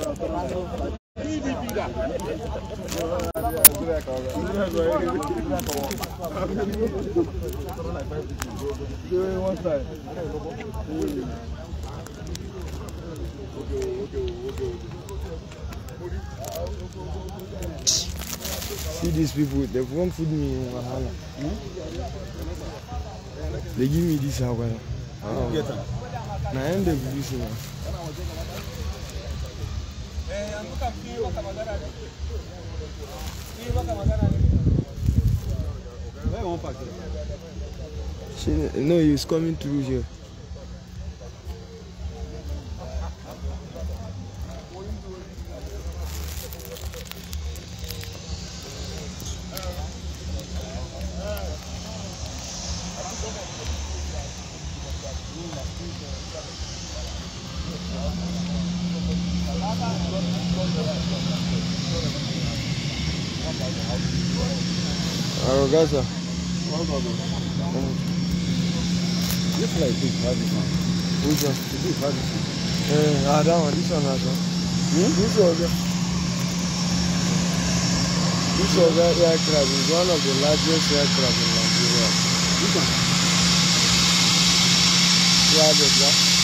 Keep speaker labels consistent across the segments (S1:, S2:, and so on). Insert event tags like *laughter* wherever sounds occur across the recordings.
S1: See these people, they won't food me in Wahala. Hmm? They give me this hour. Oh. Now I end up using it. Eh, nunca vi uma camarada né? ali. Vi uma camarada né? ali. Where one pack? She, no, he's coming through here. Thank you. Arrogaza. This like big Pakistan. Which one? The big Pakistan. Eh, ah, that one. This one also. Hmm? This one. This other aircraft is one of the largest aircraft in Nigeria. This one. Yeah, that's that.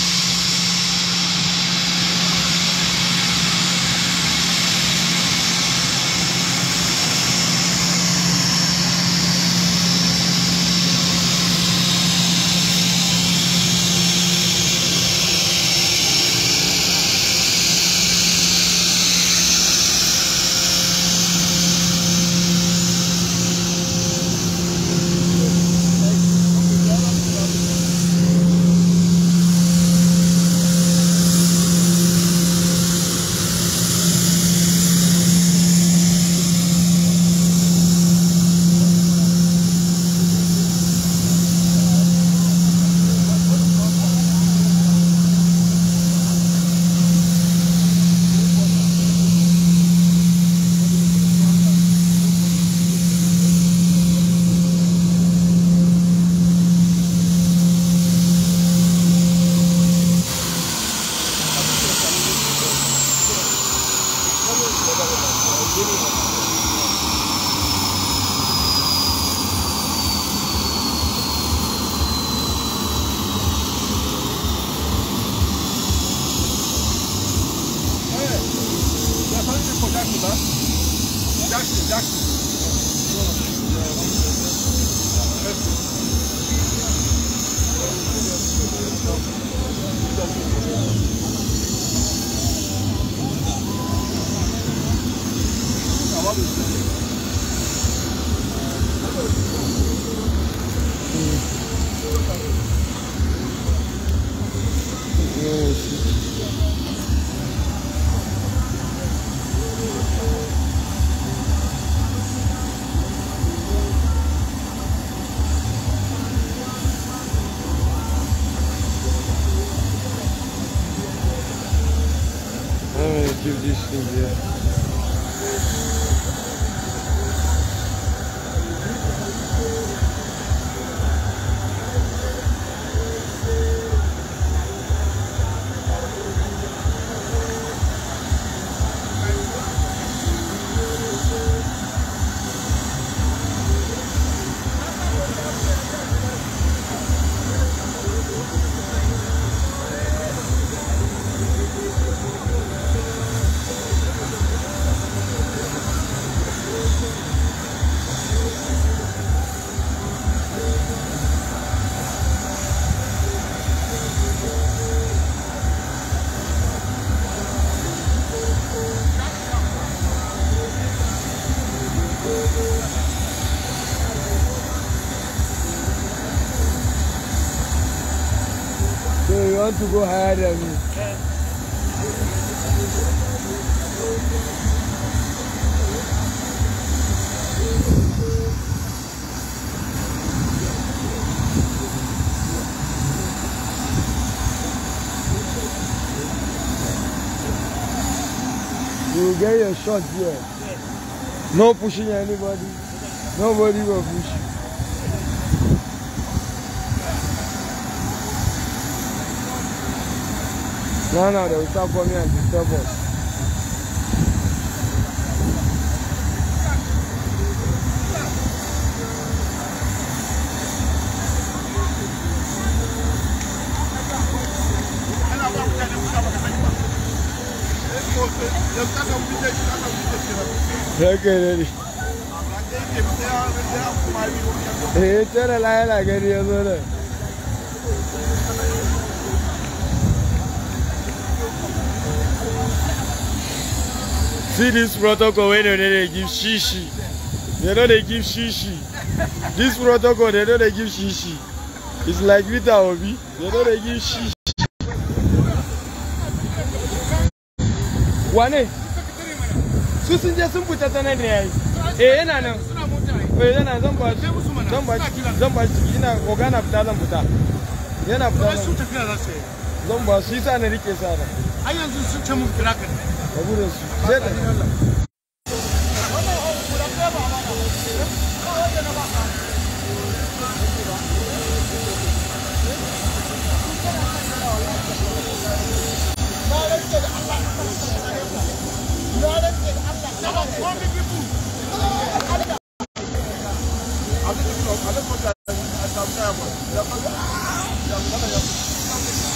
S1: Jackson, Jackson. Thank you. muito borrada. É. You get your shot here. No pushing anybody. Nobody will push you. No, no, they will start coming and disturb us. Sökelerim. Yeter hele hele geliyor böyle. See this protocol when they, don't give shishi. They don't they give shishi. This protocol, they don't they give shishi. It's like Vita Obi. They don't they give shishi. Wane? Su sun je sun fita ta nan da yayi. Eh yana nan. Eh yana zan ba shi. Zan ba shi. Zan ba shi. Ina ogana fita zan fita. Yana fita. Su tafiya za su yi. bırakın. Ne zan ba shi sa na rike sa na a yanzu sun ce mun kira ka da burin su sai da I don't know.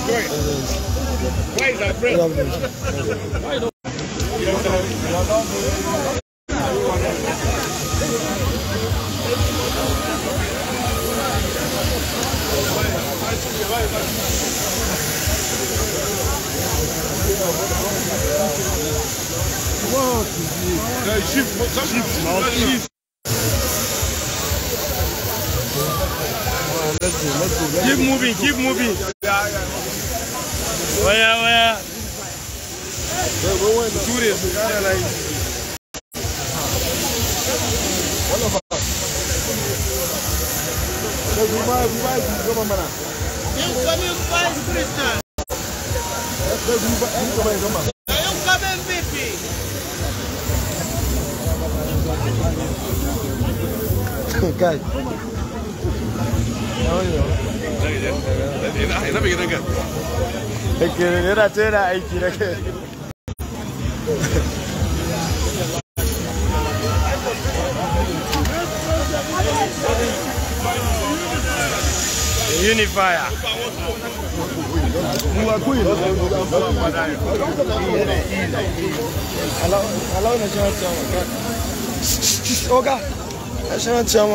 S1: Why is that Keep moving, keep moving. Olha, olha. Dureza, cara, aí. Olha, vai. Vai, vai, vai, vai, maná. É um caminho que faz cristal. É um caminho que faz Guys. How are you? Hey, hey, hey, hey, hey, hey, hey, hey, hey, hey, ke yana ta yana aiki na kai unifier allow national chairman oga national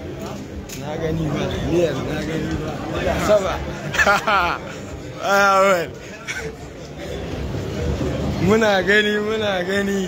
S1: na gani ba miyar na gani ba saba *laughs* muna gani muna gani